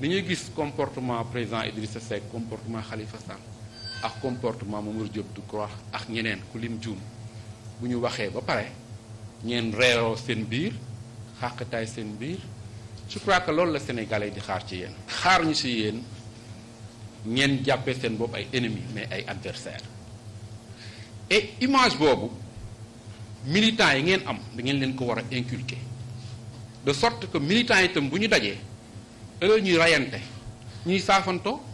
li ñuy gis comportement président Idrissa Seck comportement Khalifa san ak comportement Mamour Diop Decroix ak ñeneen ku lim juum bu ñu waxee ba pare ñeen reeroo seen biir xàqtaay seen biir je crois que loolu la sénégalais di xaar ci yéen. xaar ñu si yéen ngeen jàppee seen bopp ay ennemis mais ay adversaires et image boobu militants yi ngeen am da ngeen leen ko war a inculquer de sorte que militants yi itam bu ñu dajee. te loolu ñuy rayante ñuy saafanto